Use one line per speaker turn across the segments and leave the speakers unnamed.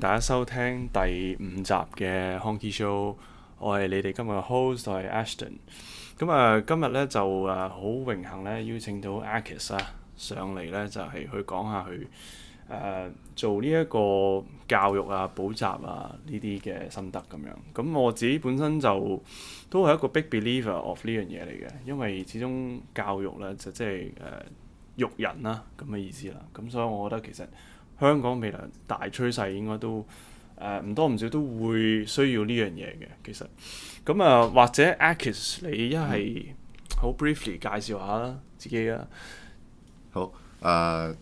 大家收聽第五集嘅 Honky Show，我係你哋今日嘅 host 係 Ashton。咁啊今日咧就誒好榮幸咧邀請到 Akis 啊上嚟咧就係去講下佢誒做呢一個教育啊補習啊呢啲嘅心得咁樣，咁我自己本身就都係一個 big believer of 呢樣嘢嚟嘅，因為始終教育咧就即係誒育人啦咁嘅意思啦，咁所以我覺得其實。香港未來大趨勢應該都誒唔、呃、多唔少都會需要呢樣嘢嘅，其實咁啊、呃、或者 Akis 你一係好 briefly 介紹下啦，自己啊。
好誒、呃，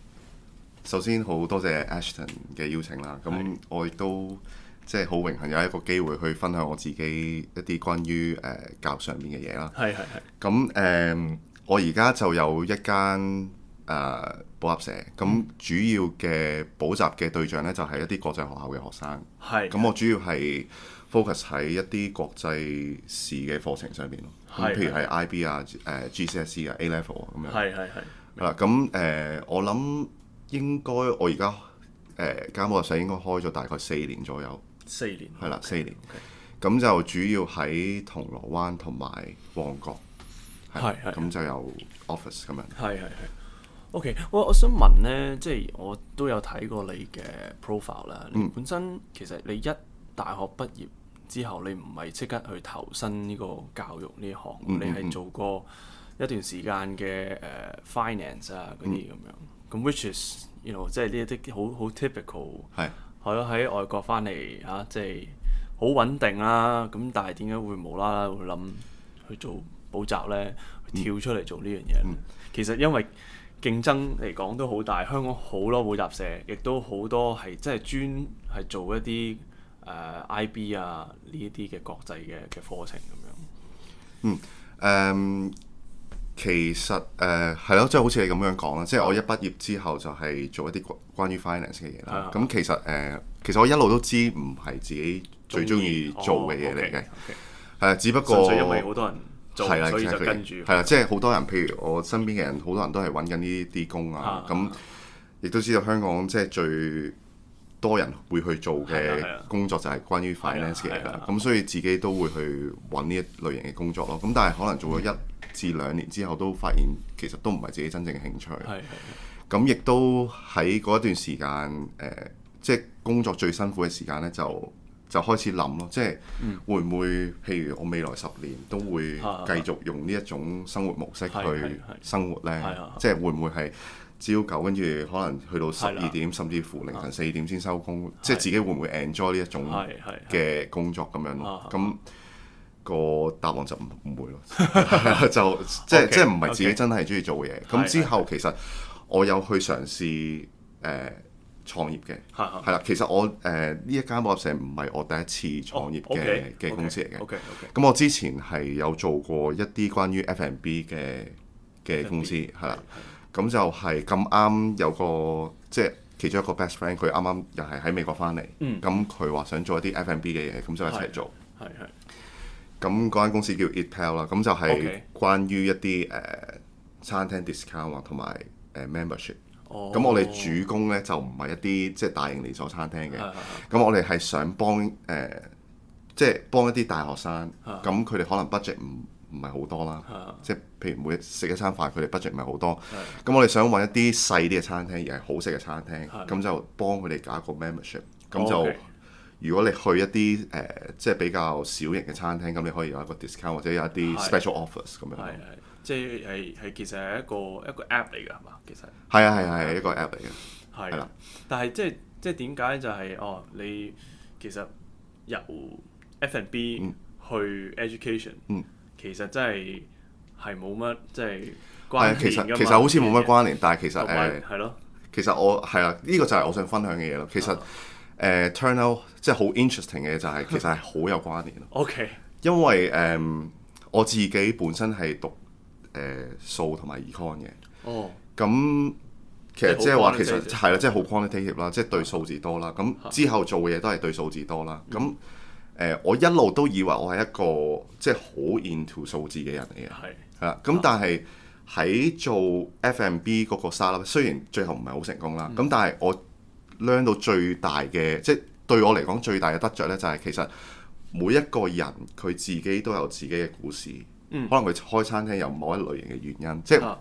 首先好多謝 Ashton 嘅邀請啦，咁是我亦都即係好榮幸有一個機會去分享我自己一啲關於誒、呃、教育上面嘅嘢啦。係係係。咁誒、呃，我而家就有一間。誒、uh, 補，補習社咁主要嘅補習嘅對象呢，就係、是、一啲國際學校嘅學生。係的。咁我主要係 focus 喺一啲國際試嘅課程上面，咯的。咁譬如係 IB 啊、誒 GCSE 啊、A level 啊咁樣。係係係。啦，咁誒、uh, 我諗應該我而家誒間補習社應該開咗大概四年左右。四年。係啦了，四 Okay, 年。咁 okay. 就主要喺銅鑼灣同埋旺角。係係的。咁的就有 office 咁樣。係係係。
的 OK，我我想問咧，即係我都有睇過你嘅 profile 啦。你本身、嗯、其實你一大學畢業之後，你唔係即刻去投身呢個教育呢行，嗯、你係做過一段時間嘅誒、uh, finance 啊嗰啲咁樣。咁 which is，you know，即係呢一啲好好 typical。係 ty、嗯，我喺外國翻嚟嚇，即係好穩定啦、啊。咁但係點解會無啦啦會諗去做補習咧？去跳出嚟做呢樣嘢、嗯嗯嗯嗯、其實因為。競爭嚟講都好大，香港好多補習社，亦都好多係即係專係做一啲誒、呃、IB 啊呢啲嘅國際嘅嘅課程咁樣。
嗯誒、呃，其實誒係咯，即、呃、係、就是、好似你咁樣講啦，即、就、係、是、我一畢業之後就係做一啲關關於 finance 嘅嘢啦。咁、啊、其實誒、呃，其實我一路都知唔係自己最中意做嘅嘢嚟嘅，誒、哦 okay, okay. 呃，只不過因為好多人。係啦，所以就跟住係啦，即係好多人，譬如我身邊嘅人，好多人都係揾緊呢啲工啊。咁亦都知道香港即係、就是、最多人會去做嘅工作就係關於 finance 嘅。咁、啊嗯、所以自己都會去揾呢一類型嘅工作咯。咁但係可能做咗一至兩年之後，都發現其實都唔係自己真正嘅興趣。咁亦、啊嗯、都喺嗰一段時間，誒、呃，即、就、係、是、工作最辛苦嘅時間呢，就～就開始諗咯，即係會唔會譬如我未來十年都會繼續用呢一種生活模式去生活呢？是是是即係會唔會係朝九跟住可能去到十二點，的甚至乎凌晨四點先收工？的即係自己會唔會 enjoy 呢一種嘅工作咁樣咯？咁個答案就唔會咯， 就即係 Okay, 即係唔係自己真係中意做嘢？咁的之後其實我有去嘗試誒。呃創業嘅係係啦，其實我誒呢、呃、一間補習社唔係我第一次創業嘅嘅、oh, okay, 公司嚟嘅、okay, okay , okay, 嗯。OK OK，咁我之前係有做過一啲關於 F&B 嘅嘅公司係啦，咁就係咁啱有個即係其中一個 best friend，佢啱啱又係喺美國翻嚟，咁佢話想做一啲 F&B 嘅嘢，咁就一齊做。係係。咁嗰間公司叫 i a、e、t e l l 啦，咁就係關於一啲誒 okay,、uh, uh, 餐廳 discount 啊，同埋誒 membership。咁我哋主攻咧就唔係一啲即係大型連鎖餐廳嘅，咁我哋係想幫誒，即係幫一啲大學生，咁佢哋可能 budget 唔唔係好多啦，即係譬如每日食一餐飯佢哋 budget 唔係好多，咁我哋想揾一啲細啲嘅餐廳，而係好食嘅餐廳，咁就幫佢哋搞一個 membership，咁就如果你去一啲誒，即係比較小型嘅餐廳，咁你可以有一個 discount 或者有一啲 special office 咁樣。
即係係其實係一個一個 app 嚟嘅係嘛？其實係啊係係一個 app 嚟嘅係啦。但係即係即係點解就係哦？你其實由 F and B 去 education，其實真係係冇乜即係關其實其實好似冇乜關聯，但係其實誒係咯。
其實我係啦，呢個就係我想分享嘅嘢咯。其實誒 turn out 即係好 interesting 嘅嘢，就係其實係好有關聯咯。OK，因為誒我自己本身係讀。誒，數同埋 econ 嘅，哦，咁其實即係話，其實係啦，即係好 quantitative 啦，即係對數字多啦。咁、啊、之後做嘅嘢都係對數字多啦。咁誒、嗯呃，我一路都以為我係一個即係好 into 數字嘅人嚟嘅，係是，係啦、啊。咁、嗯、但係喺做 F&B 嗰個沙粒，雖然最後唔係好成功啦，咁、嗯、但係我 learn 到最大嘅，即係對我嚟講最大嘅得着咧，就係、是、其實每一個人佢自己都有自己嘅故事。嗯、可能佢開餐廳有某一類型嘅原因，即係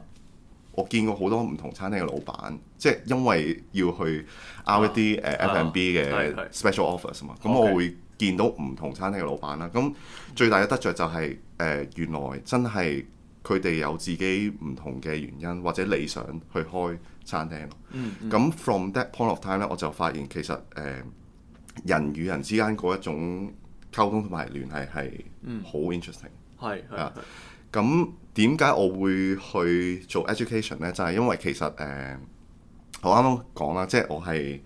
我見過好多唔同餐廳嘅老闆，啊、即係因為要去 out 一啲 F&B 嘅 special office 嘛。咁、啊、我會見到唔同餐廳嘅老闆啦。咁 Okay. 最大嘅得着就係、是、誒、呃、原來真係佢哋有自己唔同嘅原因，或者理想去開餐廳咯。咁、嗯嗯、from that point of time 咧，我就發現其實誒、呃、人與人之間嗰一種溝通同埋聯繫係好 interesting。嗯係啊，咁點解我會去做 education 呢？就係、是、因為其實誒、呃，我啱啱講啦，即、就、係、是、我係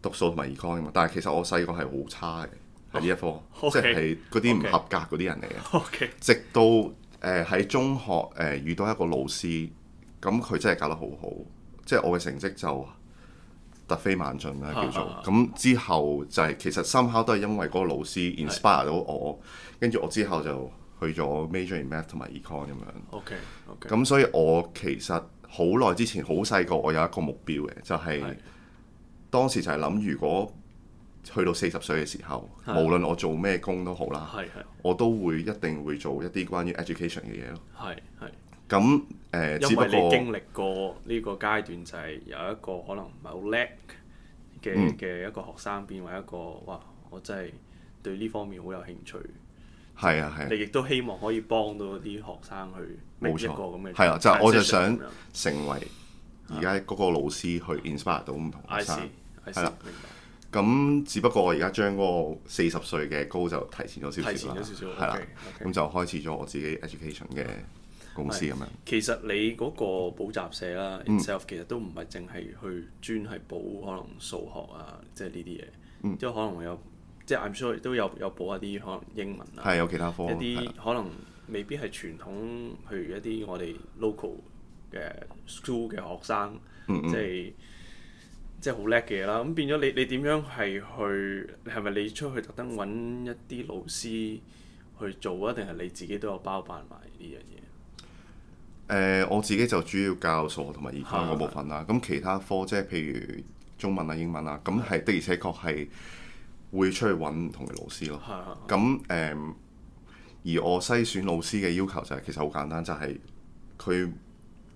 讀數同埋二科嘅嘛。但係其實我細個係好差嘅呢一科，即係嗰啲唔合格嗰啲人嚟嘅。Okay, okay. 直到誒喺、呃、中學誒、呃、遇到一個老師，咁佢真係教得好好，即、就、係、是、我嘅成績就突飛猛進啦，叫做。咁的之後就係、是、其實三考都係因為嗰個老師 inspire 到的我，跟住我之後就。去咗 major in math 同埋 econ 咁樣 OK OK。咁所以我其實好耐之前好細個我有一個目標嘅，就係、是、當時就係諗如果去到四十歲嘅時候，的無論我做咩工都好啦，的我都會一定會做一啲關於 education 嘅嘢咯。係的，係，咁、呃、誒，因為 只不過經
歷過呢個階段，就係有一個可能唔係好叻嘅嘅一個學生，變為一個哇，我真係對呢方面好有興趣。係啊，係啊，啊你亦都希望可以幫到啲學生去。冇錯，個咁嘅係啊，就係、我就想
成為而家嗰個老師去 inspire 到唔同嘅學生係啦、啊。明白。咁、嗯、只不過我而家將嗰個四十歲嘅高就提前咗少少，提前咗少少係啦。咁就開始咗我自己 education 嘅公司咁樣。
其實你嗰個補習社啦，itself、嗯、其實都唔係淨係去專係補可能數學啊，即係呢啲嘢，即係、嗯、可能會有。即係 I'm sure 都有有補一啲可能英文啊，係有其他科一啲些是的 可能未必係傳統，譬如一啲我哋 local 嘅 school 嘅學生，嗯嗯即係即係好叻嘅嘢啦。咁變咗你你點樣係去？係咪你出去特登揾一啲老師去做啊？定係你自己都有包辦埋呢樣嘢？
誒、呃，我自己就主要教數學同埋理科嗰部分啦。咁是的 其他科即係譬如中文啊、英文啊，咁係的而且確係，會出去揾唔同嘅老師咯，咁誒、啊，um, 而我篩選老師嘅要求就係、是、其實好簡單，就係、是、佢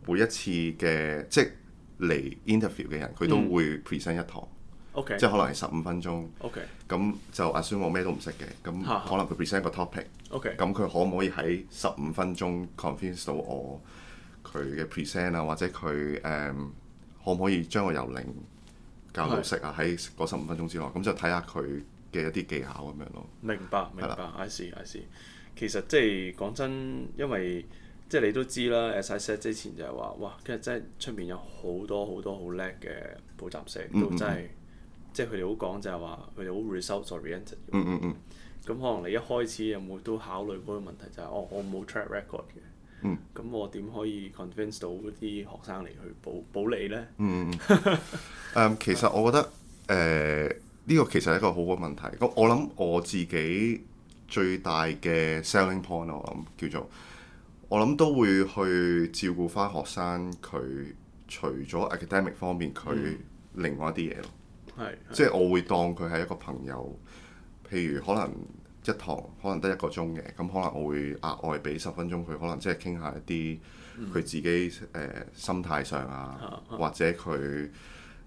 每一次嘅即嚟、就是、interview 嘅人，佢都會 present 一堂，嗯、okay, 即係可能係十五分鐘，咁 okay,、嗯 okay, 就 assume 我咩都唔識嘅，咁可能佢 present 個 topic，咁佢、啊、可唔可以喺十五分鐘 convince 到我佢嘅 present 啊，或者佢誒、um, 可唔可以將我由零？教老師啊，喺嗰十五分鐘之內，咁就睇下佢嘅一啲技巧咁樣咯。
明白，明白。的 I see, I see，其實即係講真，嗯、因為即係、就是、你都知啦，As I said 之前就係話，哇，其實真係出面有好多好多好叻嘅補習社，都真、就、係、是，即係佢哋好講就係話，佢哋好 result oriented 嗯。嗯咁、嗯、可能你一開始有冇都考慮嗰個問題就係、是，哦，我冇 track record 嘅。嗯，咁我點可以 convince 到啲學生嚟去保保利呢？
嗯，嗯其實我覺得誒呢、 呃呢個其實係一個好嘅問題。咁我諗我，我自己最大嘅 selling point，我諗叫做我諗都會去照顧翻學生佢除咗 academic 方面佢另外一啲嘢咯。係、嗯，即係我會當佢係一個朋友，譬如可能。一堂可能得一個鐘嘅，咁、嗯、可能我會額外俾十分鐘佢，可能即係傾下一啲佢自己誒、嗯呃、心態上啊，啊啊或者佢誒、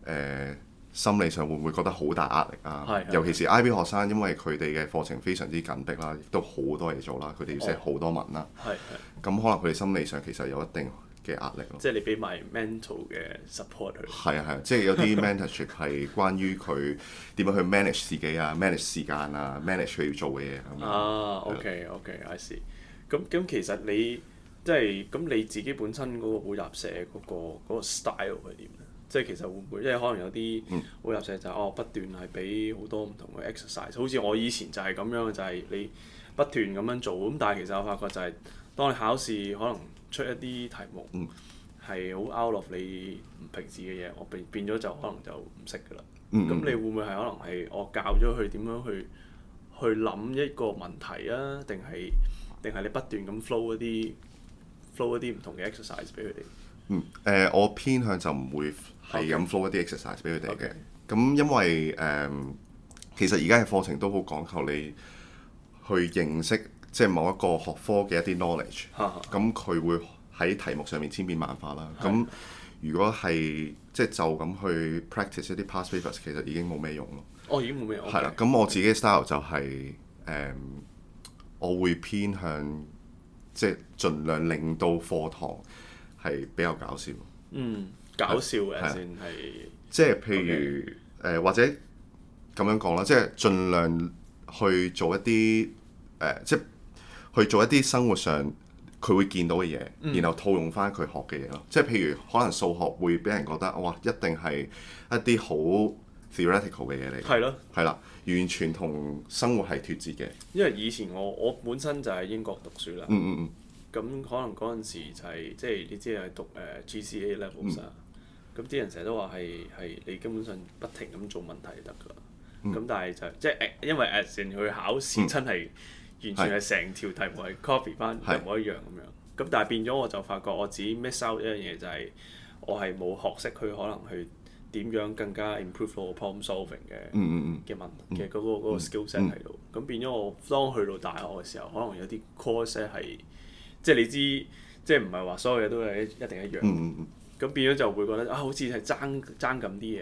呃、心理上會唔會覺得好大壓力啊？尤其是 IB 學生，因為佢哋嘅課程非常之緊迫啦，亦都好多嘢做啦，佢哋要寫好多文啦。係咁、哦嗯、可能佢哋心理上其實有一定。嘅壓力咯， 即係
你俾埋 mental 嘅 support 佢。係啊
係啊，即係有啲 m e n t o r 係 h i 關於佢點樣去 manage 自己啊 ，manage 時間啊 ，manage 佢要做嘅嘢咁啊
，OK OK，I、okay, see。咁咁其實你即係咁你自己本身嗰個補習社嗰、那個那個 style 係點咧？即係其實會唔會即係可能有啲補習社就係、是嗯、哦不斷係俾好多唔同嘅 exercise，好似我以前就係咁樣就係、是、你不斷咁樣做，咁但係其實我發覺就係、是、當你考試可能。出一啲題目係好、嗯、out of 你平時嘅嘢，我變變咗就可能就唔識㗎啦。咁、嗯、你會唔會係可能係我教咗佢點樣去去諗一個問題啊？定係定係你不斷咁 flow 一啲 flow 一啲唔同嘅 exercise 俾佢哋？嗯，
誒、呃，我偏向就唔會係咁 flow 一啲 exercise 俾佢哋嘅。咁、okay。因為誒、嗯，其實而家嘅課程都好講求你去認識。即係某一個學科嘅一啲 knowledge，咁佢哈會喺題目上面千變萬化啦。咁的如果係即係就咁去 practice 一啲 past papers，其實已經冇咩用咯。哦，已經冇咩用。係啦的，咁 okay, 我自己 style 就係、是、誒，um, 我會偏向即係、就是、盡量令到課堂係比較搞笑。
嗯，
搞笑嘅先係。的的即係譬如誒 okay.、呃，或者咁樣講啦，即係盡量去做一啲誒、呃，即係。去做一啲生活上佢會見到嘅嘢，嗯、然後套用翻佢學嘅嘢咯。即係譬如可能數學會俾人覺得哇，一定係一啲好 theoretical 嘅嘢嚟。係咯的，係啦，完全同生活係脫節嘅。
因為以前我我本身就喺英國讀書啦、嗯。嗯嗯、就是、嗯。咁可能嗰陣時就係即係你知係讀誒 GCSE level 啦。咁啲人成日都話係係你根本上不停咁做問題就得㗎。咁、嗯、但係就即係因為 exams 佢考試真係。嗯完全係成條題目係是 copy 翻一模一樣咁樣，咁是但係變咗我就發覺我自己 miss out 一樣嘢，就係我係冇學識佢可能去點樣更加 improve 我 problem solving 嘅嘅問題，其實嗰個嗰個 skillset 喺度。咁變咗我當去到大學嘅時候，可能有啲 course 咧係即係你知，即係唔係話所有嘢都係一,一定一樣。咁、嗯嗯、變咗就會覺得啊，好似係爭爭咁啲嘢。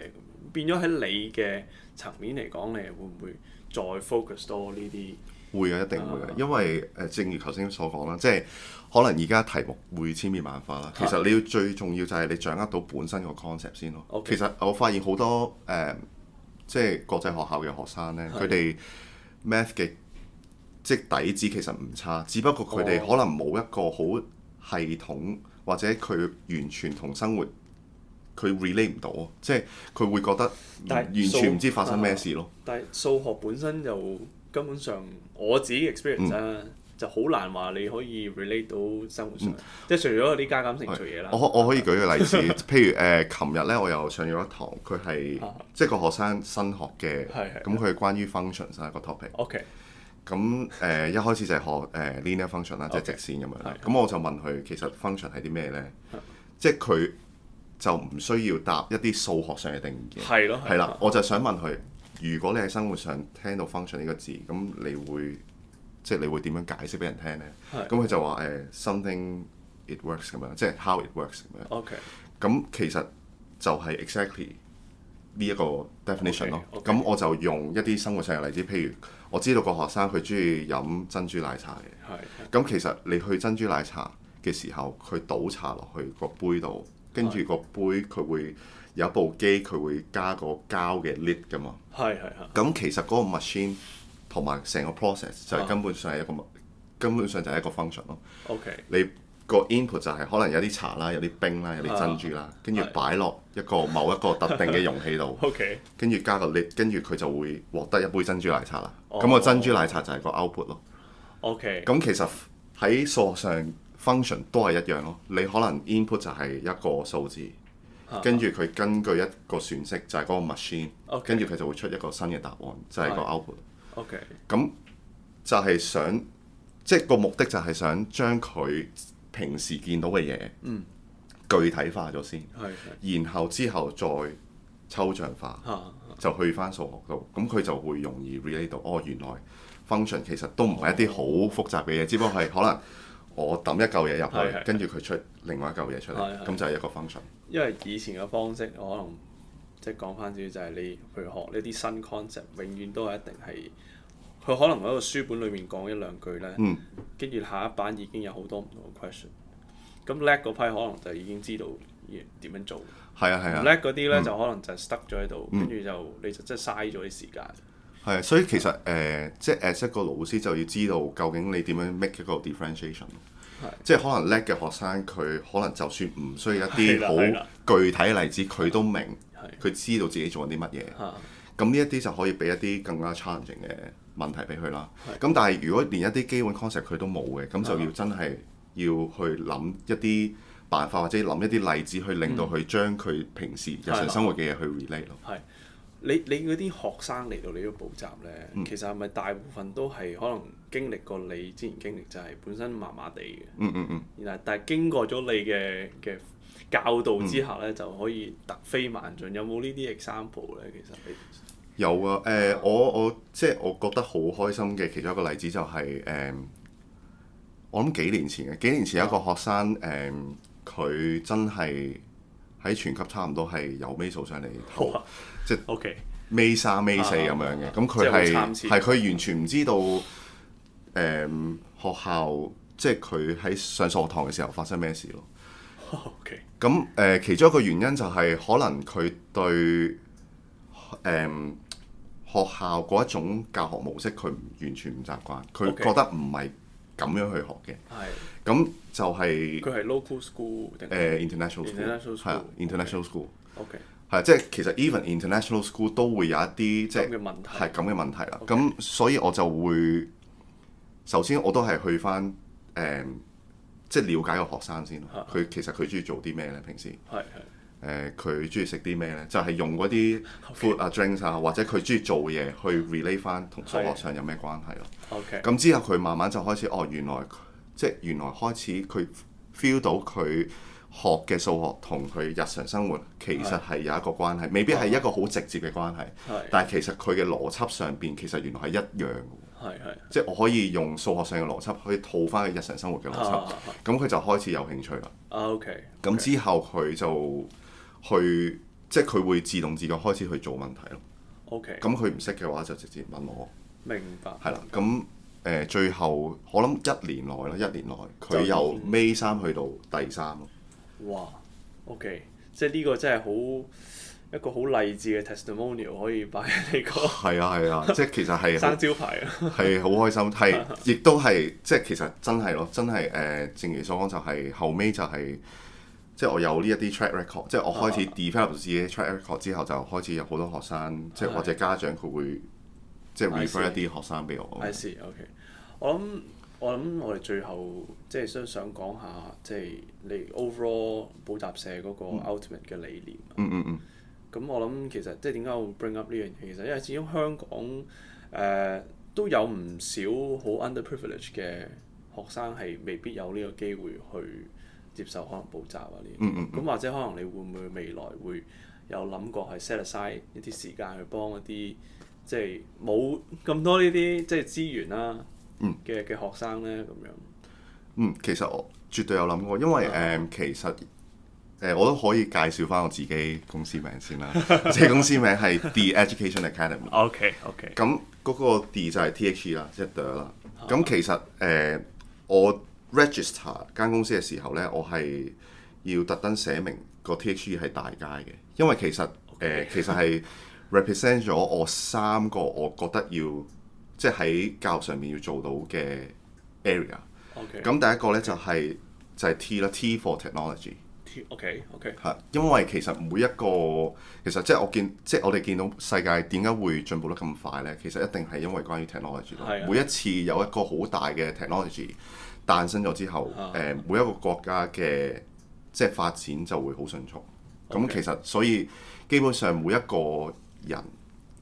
變咗喺你嘅層面嚟講，你會唔會再 focus 多呢啲？
會嘅，一定會嘅，啊、因為誒、呃，正如頭先所講啦，即係可能而家題目會千變萬化啦。其實你要、啊、最重要就係你掌握到本身個 concept 先咯。Okay, 其實我發現好多誒、呃，即係國際學校嘅學生咧，佢哋的 math 嘅即底子其實唔差，只不過佢哋可能冇一個好系統，哦、或者佢完全同生活佢 relate 唔到，即係佢會覺得是完全唔知發生咩事咯。
但係數、啊、學本身就根本上我自己 experience 啦，就好難話你可以 relate 到生活上。即係除咗啲加減乘除嘢啦。我可我
可以舉個例子，譬如誒，琴日咧我又上咗一堂，佢係即係個學生新學嘅，咁佢關於 function 先係個 topic。OK。咁誒一開始就係學誒 linear function 啦，即係直線咁樣。咁我就問佢，其實 function 係啲咩咧？即係佢就唔需要答一啲數學上嘅定義。係咯，係啦。我就想問佢。如果你喺生活上聽到 function 呢個字，咁你會即係你會點樣解釋俾人聽呢？咁佢是就話誒、uh, something it works 咁樣，即係 how it works 咁樣。OK。咁其實就係 exactly 呢一個 definition 咯。咁 Okay. Okay. 我就用一啲生活上嘅例子，譬如我知道個學生佢中意飲珍珠奶茶嘅。係是。咁其實你去珍珠奶茶嘅時候，佢倒茶落去個杯度。跟住個杯佢會有部機，佢會加個膠嘅 lid 㗎嘛。係係
係。
咁其實嗰個 machine 同埋成個 process 就係根本上係一個，啊、根本上就係一個 function 咯。O.K. 你個 input 就係可能有啲茶啦，有啲冰啦，有啲珍珠啦，跟住擺落一個某一個特定嘅容器度。 O.K. 跟住加個 lid，跟住佢就會獲得一杯珍珠奶茶啦。咁、哦、個珍珠奶茶就係個 output 咯。
O.K. 咁
其實喺數學上。function 都係一樣咯，你可能 input 就係一個數字，跟住佢根據一個算式，就係嗰個 machine，跟住佢就會出一個新嘅答案，就係、是、個 output。OK，咁就係想，即係個目的就係想將佢平時見到嘅嘢，嗯，具體化咗先，uh huh. 然後之後再抽象化，uh huh. 就去翻數學度，咁佢就會容易 relate 到，哦，原來 function 其實都唔係一啲好複雜嘅嘢，uh huh. 只不過係可能。我抌一嚿嘢入去，跟住佢出另外一嚿嘢出嚟，咁是就係一個 function。
因為以前嘅方式，我可能即係講翻少少，就係、是、你去學呢啲新 concept，永遠都係一定係佢可能喺個書本裏面講一兩句咧，跟住、嗯、下一版已經有好多唔同嘅 question。咁叻嗰批可能就已經知道點樣做。係啊係啊，唔叻嗰啲咧就可能就係 stuck 咗喺度，跟住就你就即係嘥咗啲時間。
係，所以其實誒、呃，即係 as 一個老師就要知道究竟你點樣 make 一個 differentiation 的。即係可能叻嘅學生，佢可能就算唔需要一啲好具體嘅例子，佢的都明，佢知道自己做緊啲乜嘢。係的，咁呢一啲就可以俾一啲更加 challenging 嘅問題俾佢啦。係的，咁但係如果連一啲基本 concept 佢都冇嘅，咁就要真係要去諗一啲辦法或者諗一啲例子去令到佢將佢平時日常生活嘅嘢去 relate
咯。你你嗰啲學生嚟到你呢度補習咧，嗯、其實係咪大部分都係可能經歷過你之前經歷，就係本身麻麻地嘅？嗯嗯嗯。然後但係經過咗你嘅嘅教導之下咧，嗯、就可以突飛猛進。有冇呢啲 example 咧？其實、就是、
有啊。誒、呃，我我即係我覺得好開心嘅其中一個例子就係、是、誒、嗯，我諗幾年前嘅，幾年前有一個學生誒，佢、嗯嗯、真係喺全級差唔多係有尾數上嚟。哈哈即係 OK，May 三 May 四咁樣嘅，咁佢係係佢完全唔知道，誒，學校即係佢喺上數學堂嘅時候發生咩事咯。OK，咁誒，其中一個原因就係可能佢對，誒，學校嗰一種教學模式，佢完全唔習慣，佢覺得唔係咁樣去學嘅。咁就係佢係
local school 定 international school
係啊 international school，OK 係即係其實 even international school 都會有一啲即係係咁嘅問題啦。咁所以我就會首先我都係去翻誒即係了解個學生先佢其實佢中意做啲咩咧？平時係係誒佢中意食啲咩咧？就係用嗰啲 food 啊 drinks 啊或者佢中意做嘢去 relate 翻同數學上有咩關係咯？OK 咁之後佢慢慢就開始哦原來。即係原來開始佢 feel 到佢學嘅數學同佢日常生活其實係有一個關係，未必係一個好直接嘅關係，啊、但係其實佢嘅邏輯上邊其實原來係一樣嘅。
係、係，
即係我可以用數學上嘅邏輯去套翻佢日常生活嘅邏輯，咁佢、啊、就開始有興趣啦、啊。OK，咁、okay, 之後佢就去，即係佢會自動自覺開始去做問題咯。OK，咁佢唔識嘅話就直接問我。明白。係啦的，咁白。誒最後，我諗一年內啦，一年內佢由尾三去到第三咯、嗯。
哇！OK，即係呢個真係好一個好勵志嘅 testimonial 可以擺喺
呢個。係啊係啊，即係其實係 生招牌啊，係好開心，係亦都係即係其實真係咯，真係誒、呃、正如所講就係、是、後尾就係、是、即係我有呢一啲 track record，即係我開始 develop 自己 track record 之後、啊、就開始有好多學生、啊、即係或者家長佢會。即係 refer 一啲學生俾我。I
see，OK。我諗我諗我哋最後即係想想講下，即係你 overall 補習社嗰個 ultimate 嘅理念。嗯嗯嗯。咁、嗯嗯、我諗其實即係點解我會 bring up 呢樣嘢？其實因為始終香港誒、呃、都有唔少好 underprivileged 嘅學生係未必有呢個機會去接受可能補習啊呢嗯、這個、嗯。咁、嗯嗯、或者可能你會唔會未來會有諗過係 set aside 一啲時間去幫一啲？即係冇咁多呢啲即係資源啦、啊，嗯嘅嘅學生呢，咁樣，
嗯其實我絕對有諗過，因為誒、啊嗯、其實誒、呃、我都可以介紹翻我自己公司名先啦，即係 公司名係 The Education Academy，OK OK，咁 okay .嗰個 D 就係 T H E 啦，即 the 啦，咁、啊、其實誒、呃、我 register 間公司嘅時候呢，我係要特登寫明個 T H E 係大寫嘅，因為其實誒 Okay.、嗯、其實係。represent 咗我三個我覺得要即係喺教育上面要做到嘅 area。咁 Okay, 第一個咧 okay. 就係、是、就係、是、T 啦，T for technology。
Okay, okay。係，
因為其實每一個其實即係我見即係、就是、我哋見到世界點解會進步得咁快咧？其實一定係因為關於 technology。的每一次有一個好大嘅 technology 誕生咗之後，誒的每一個國家嘅即係發展就會好迅速。咁 Okay. 其實所以基本上每一個人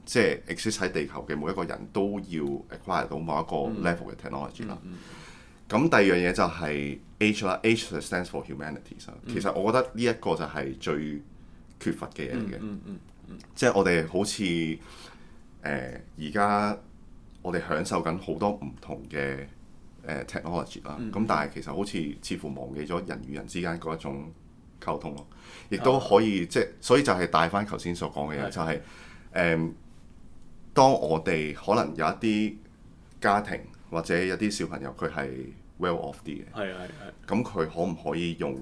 即係 exist 喺地球嘅每一個人都要 acquire 到某一個 level 嘅 technology 啦。咁第二樣嘢就係 H 啦，H stands for humanity。其實我覺得呢一個就係最缺乏嘅嘢嚟嘅。即係我哋好似誒而家我哋享受緊好多唔同嘅誒 technology 啦。咁但係其實好似似乎忘記咗人與人之間嗰一種溝通咯。亦都可以即係，所以就係帶翻頭先所講嘅嘢，就係。誒，um, 當我哋可能有一啲家庭或者有啲小朋友佢係 well off 啲嘅，係係係。咁 佢樂可唔可以用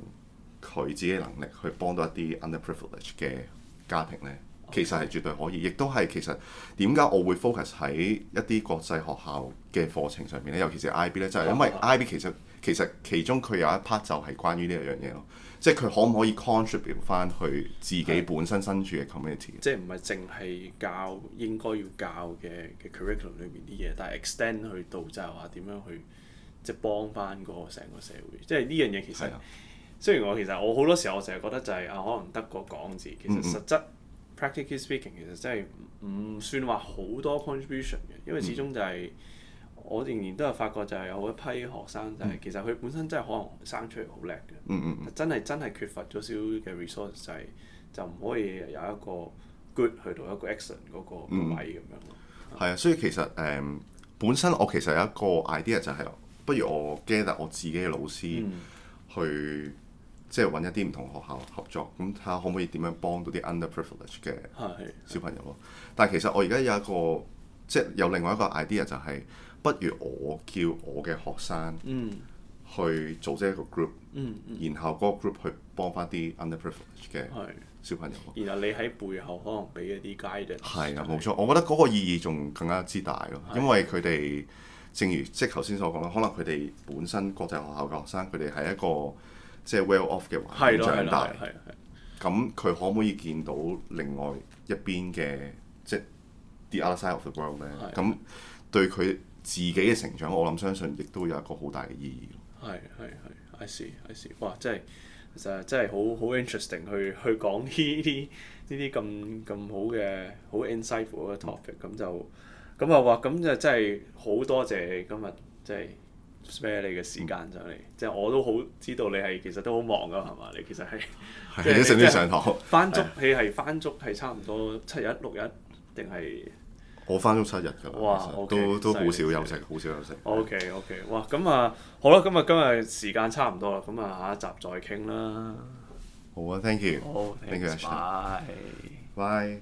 佢自己能力去幫到一啲 underprivileged 嘅家庭咧？其實係絕對可以，Okay. 亦都係其實點解我會 focus 喺一啲國際學校嘅課程上面咧？尤其是 IB 咧，就係、是、因為 IB 其實。其實其中佢有一 part 就係關於呢一樣嘢咯，即係佢可唔可以 contribute 翻去自己本身身處嘅 community？即
係唔係淨係教應該要教嘅嘅 curriculum 裏邊啲嘢，但係 extend 去到就係話點樣去即係幫翻個成個社會。即係呢樣嘢其實、啊、雖然我其實我好多時候我成日覺得就係、是、啊，可能得個講字，其實實質、嗯、practically speaking 其實真係唔算話好多 contribution 嘅，因為始終就係、是。嗯我仍然都有發覺，就係有一批學生就係其實佢本身真係可能生出嚟好叻嘅，真係真係缺乏咗少嘅 resource 就係就唔可以有一個 good 去到一個 action 嗰、那個位咁、嗯、樣咯。
係啊，所以其實誒、um, 本身我其實有一個 idea 就係不如我 gather 我自己嘅老師去、嗯、即係揾一啲唔同學校合作，咁睇下可唔可以點樣幫到啲 underprivileged 嘅小朋友咯。但係其實我而家有一個即係有另外一個 idea 就係、是。不如我叫我嘅學生去組織一個 group、嗯嗯、然後嗰個 group 去幫翻啲 underprivileged 嘅小朋友。然
後你喺背後可能俾一啲 guidance。係啊，冇錯、就是。我覺
得嗰個意義仲更加之大咯，是的 因為佢哋正如即頭先所講啦，可能佢哋本身國際學校嘅學生，佢哋係一個即、就是、well off 嘅環境長大。咁佢可唔可以見到另外一邊嘅即 the other side of the world 咧？咁對佢自己嘅成長，我諗相信亦都有一個好大嘅意義。
係係係，I see I see，哇！真係、嗯、就，就，就真係好好 interesting，去去講呢啲呢啲咁咁好嘅好 insightful 嘅 topic。咁就咁啊！哇！咁就真係好多謝你今日即係 spare 你嘅時間上嚟，嗯、即係我都好知道你係其實都好忙㗎，係嘛？你其實係、嗯、 即係你上啲上堂。 翻足戲係翻足係差唔多七日六日定係。
我翻咗七日㗎，都,都好少休息，好少休息。
OK OK，哇，咁啊，好啦，咁啊，今日時間差唔多啦，咁啊，下一集再傾啦。
好啊，Thank you 好。好，Thank you，Akis。Bye。